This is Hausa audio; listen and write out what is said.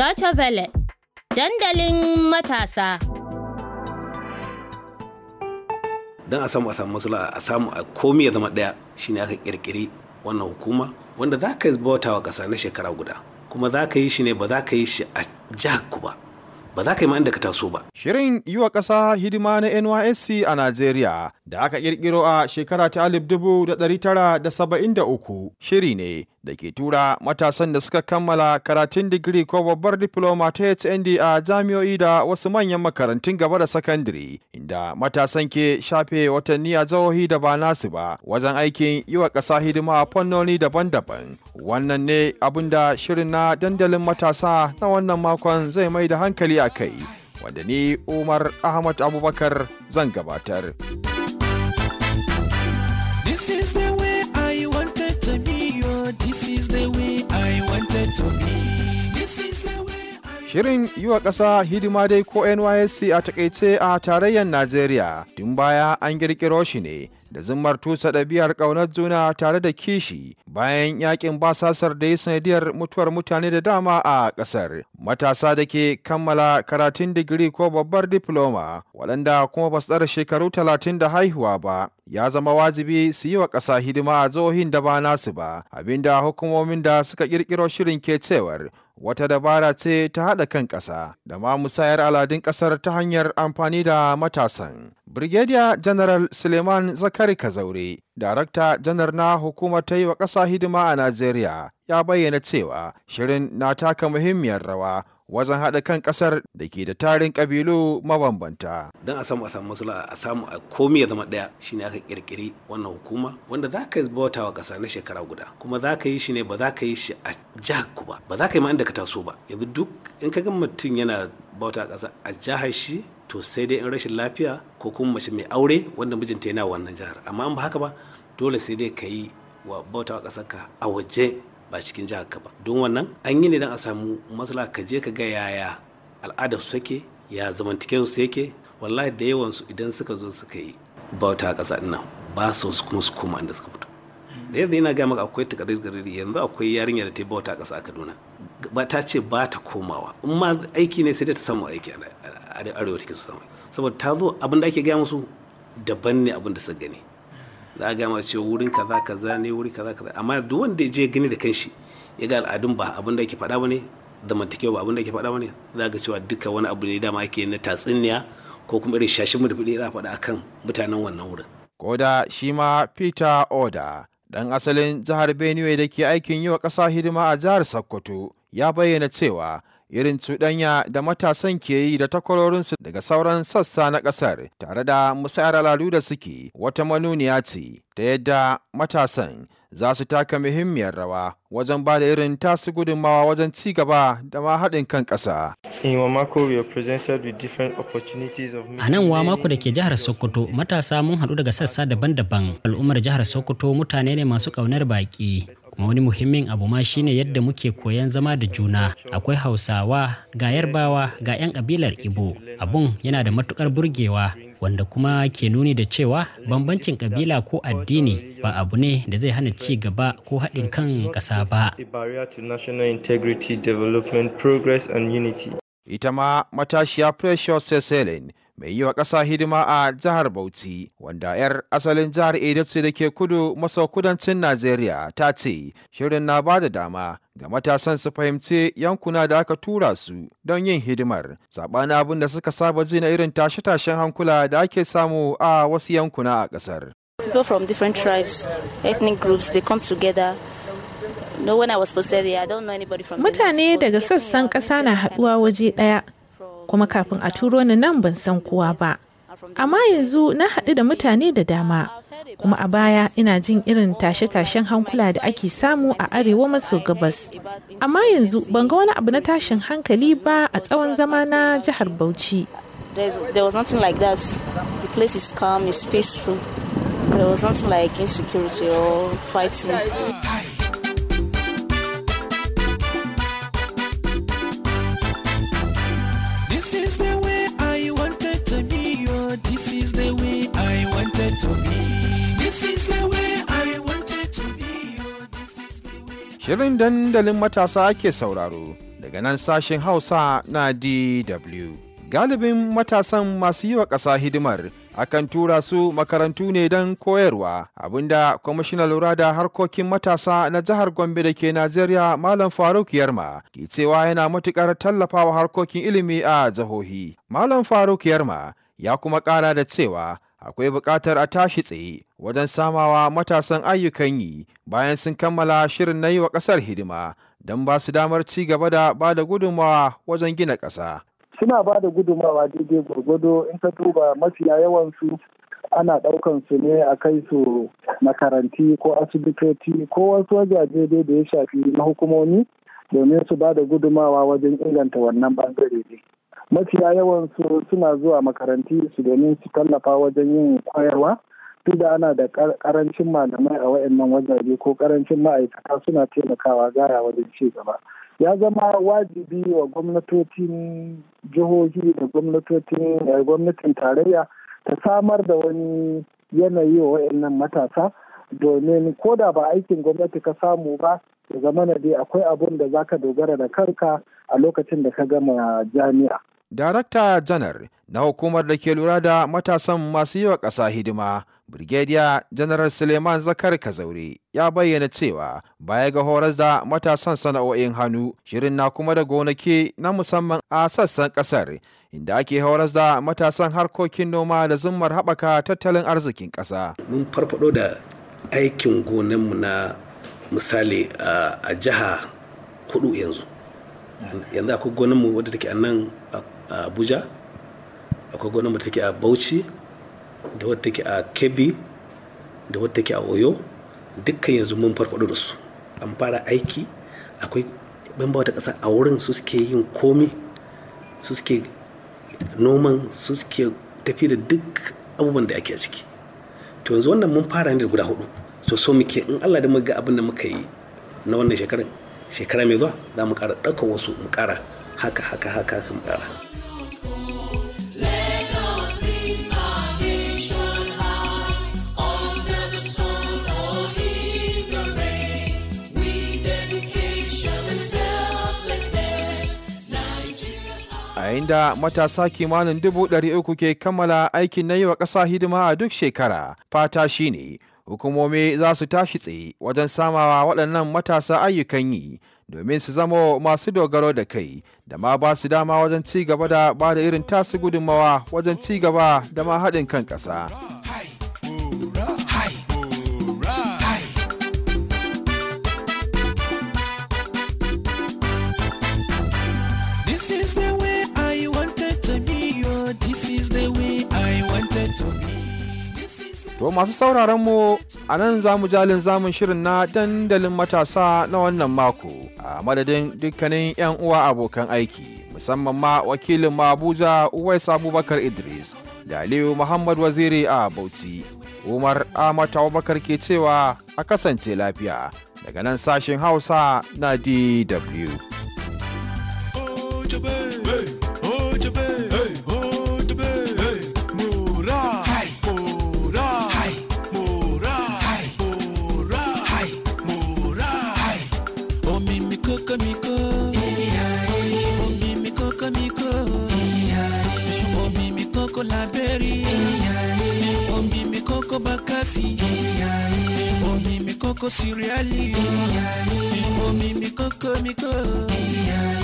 Deutsche Welle, dandalin matasa. Don a samu a samu masula a samu a komi ya zama ɗaya shi ne aka ƙirƙiri wannan hukuma wanda za ka bauta wa ƙasa na shekara guda kuma za ka yi shi ne ba za ka yi shi a jaku ba ba za ka yi ma inda ka taso ba. Shirin yi wa ƙasa hidima na NYSC a Najeriya da aka ƙirƙiro a shekara ta alif dubu da tara da saba'in uku shiri ne da ke tura matasan da suka kammala karatun digiri ko babbar diploma ta HND a jami'o'i da wasu manyan makarantun gaba da sakandare inda matasan ke shafe watanni a jihohi da ba nasu ba wajen aikin yi wa ƙasa hidima a fannoni daban-daban wannan ne abin da shirin na dandalin matasa na wannan makon zai mai da hankali a kai wanda ni Umar Ahmad Abubakar zan gabatar. This is the Shirin yi wa ƙasa hidima dai ko NYSC a takaice a tarayyar Najeriya tun baya an ƙirƙiro shi ne da zumar tusa ɗabi'ar ƙaunar juna tare da kishi bayan yakin basasar da ya sanadiyar mutuwar mutane da dama a ƙasar. Matasa da ke kammala karatun digiri ko babbar diploma waɗanda kuma ba su ɗara shekaru talatin da haihuwa ba ya zama wajibi su yi wa ƙasa hidima a jihohin da ba nasu ba abinda hukumomin da suka ƙirƙiro shirin ke cewar wata dabara ce ta haɗa kan ƙasa da ma musayar aladun ƙasar ta hanyar amfani da matasan. Brigadier General Suleiman Zakari Kazaure, Darakta janar na hukumar ta yi wa ƙasa hidima a Najeriya, ya bayyana cewa shirin na taka muhimmiyar rawa wajen haɗa kan ƙasar da ke da tarin kabilu mabambanta. Don a samu a samu masu a samu a komi ya zama ɗaya shi ne aka ƙirƙiri wannan hukuma wanda za ka bauta wa ƙasa na shekara guda kuma za ka yi shi ne ba za ka yi shi a jihar ku ba ba za ka yi ma inda ka taso ba yanzu duk in ka ga mutum yana bauta ƙasa a jihar shi to sai dai in rashin lafiya ko kuma mace mai aure wanda mijinta yana wannan jihar amma in ba haka ba dole sai dai ka yi wa bauta wa ka a waje ba cikin jihar ka ba don wannan an yi ne don a samu matsala ka je ka ga yaya al'adar su take ya zamantaken su yake wallahi da yawan su idan suka zo suka yi bauta a ƙasa ina ba su su kuma su koma inda suka fito da yadda yana gaya maka akwai takardarri yanzu akwai yarinya da ta bauta a ƙasa a Kaduna ba ta ce ba ta komawa in ma aiki ne sai dai ta samu aiki a arewa take su samu saboda ta zo abin da ake gaya musu daban ne abin da suka gani za a gama cewa wurin kaza kaza ne wurin kaza kaza amma duk wanda ya je gani da kanshi ya ga al'adun ba abin da ake faɗa ba ne mantake ba abin da ake faɗa ba ne za ga cewa duka wani abu ne dama ake na tatsuniya ko kuma irin shashin da fiɗe za a faɗa akan mutanen wannan wurin. Koda shi ma Peter Oda dan asalin jihar Benue da ke aikin yi wa ƙasa hidima a jihar Sokoto ya bayyana cewa irin cuɗanya da matasan ke yi da takwarorinsu daga sauran sassa na ƙasar tare da musayar al'adu da suke wata manuniya ce ta yadda matasan za su taka muhimmiyar rawa wajen ba da irin tasu gudunmawa wajen ci gaba da ma haɗin kan ƙasa. A nan wa mako da ke jihar Sokoto matasa mun haɗu daga sassa daban-daban al'ummar jihar Sokoto mutane ne masu ƙaunar baƙi wani muhimmin abu ma shine yadda muke koyan zama da juna akwai hausawa ga yarbawa ga 'yan kabilar ibo abun yana da matukar burgewa wanda kuma ke nuni da cewa bambancin kabila ko addini ba abu ne da zai hana ci gaba ko haɗin kan ƙasa ba ita ma matashiya precious seselin mai yi wa ƙasa hidima a jihar Bauchi wanda 'yar asalin jihar Edo ce da ke kudu maso kudancin Najeriya ta ce shirin na ba da dama ga matasan su fahimci yankuna da aka tura su don yin hidimar saɓanin abin da suka saba ji na irin tashe-tashen hankula da ake samu a wasu yankuna a ƙasar. People from different tribes, ethnic groups, they come together Mutane daga sassan ƙasa na haɗuwa waje ɗaya. kuma kafin a turo ni nan ban san kowa ba amma yanzu na haɗu da mutane da dama kuma a baya ina jin irin tashe-tashen hankula da ake samu a arewa maso gabas amma yanzu ban ga wani abu na tashin hankali ba a tsawon zama na jihar bauchi there was nothing like that the place is calm it's peaceful there was nothing like insecurity or fighting Shirin dandalin matasa ake sauraro daga nan sashen Hausa na DW. Galibin matasan masu yi wa ƙasa hidimar akan tura su makarantu ne don koyarwa abinda kwamishinan lura da harkokin matasa na jihar gombe da ke najeriya malam faruk yarma ke cewa yana matukar tallafawa harkokin ilimi a jihohi malam faruk yarma ya kuma ƙara da cewa akwai buƙatar a tashi tsaye wajen samawa matasan ayyukan yi bayan sun kammala shirin na yi wa ƙasar hidima don ba su damar ci gaba da ba da gudunmawa wajen gina ƙasa. Suna ba da gudunmawa daidai gwargwado in ka duba mafiya yawansu ana ɗaukan su ne a kai su makaranti ko asibitoci ko wasu wajaje da ya shafi na hukumomi domin su ba da gudunmawa wajen inganta wannan bangare ne. mafiya yawan su suna zuwa makaranti su domin su tallafa wajen yin koyarwa duk da ana da karancin malamai a wayannan wajaje ko karancin ma'aikata suna taimakawa gaya wajen ci gaba ya zama wajibi wa gwamnatocin jihohi da gwamnatocin eh, gwamnatin tarayya ta samar da wani yanayi wa wayannan matasa domin ko da ba aikin gwamnati ka samu ba ya zama na dai akwai abun da zaka dogara da kanka a lokacin da ka gama jami'a. Darakta janar na hukumar da ke lura da matasan masu yi wa ƙasa hidima, birgediya General Suleiman Zakar Kazaure ya bayyana cewa baya ga horas da matasan sana'o'in hannu, shirin na kuma da gonaki na musamman a sassan ƙasar, inda ake horas da matasan harkokin noma da zummar haɓaka tattalin arzikin ƙasa. Mun farfado da aikin gonanmu na misali a jiha hudu yanzu yanzu akwai gonanmu wadda take a nan a abuja akwai gonanmu da take a bauchi da wadda take a kebbi da wadda take a oyo dukkan yanzu mun farfado da su an fara aiki akwai ban wata ƙasa a wurin su suke yin komi su suke noman su suke tafi da duk abubuwan da ake a ciki to yanzu wannan mun fara ne da guda hudu so so muke in Allah da muka ga abin da muka yi na wannan shekarar shekara mai zuwa za mu ƙara ɗauka wasu mu ƙara haka haka haka mu ƙara yayin da matasa kimanin dubu ɗari uku ke kammala aikin na yi wa ƙasa hidima a duk shekara fata shine hukumomi za su tashi tsaye wajen samawa waɗannan matasa ayyukan yi domin su zama masu dogaro da kai da ma ba su dama wajen cigaba da ba da irin tasu gudunmawa wajen ci gaba da ma haɗin kan ƙasa. masu sauraron mu a nan za mu jalin zamun shirin na dandalin matasa na wannan mako a madadin dukkanin 'yan uwa abokan aiki musamman ma wakilin ma Abuja Uwais Abubakar Idris da Aliyu Muhammad Waziri a Bauchi. Umar Ahmad Abubakar ke cewa a kasance lafiya daga nan sashen Hausa na DW. Oh, kokomiko. Omi mi kokomiko. Omi mi koko labẹ́rì. Omi mi koko bakasi. Omi mi koko siriali. Omi mi kokomiko.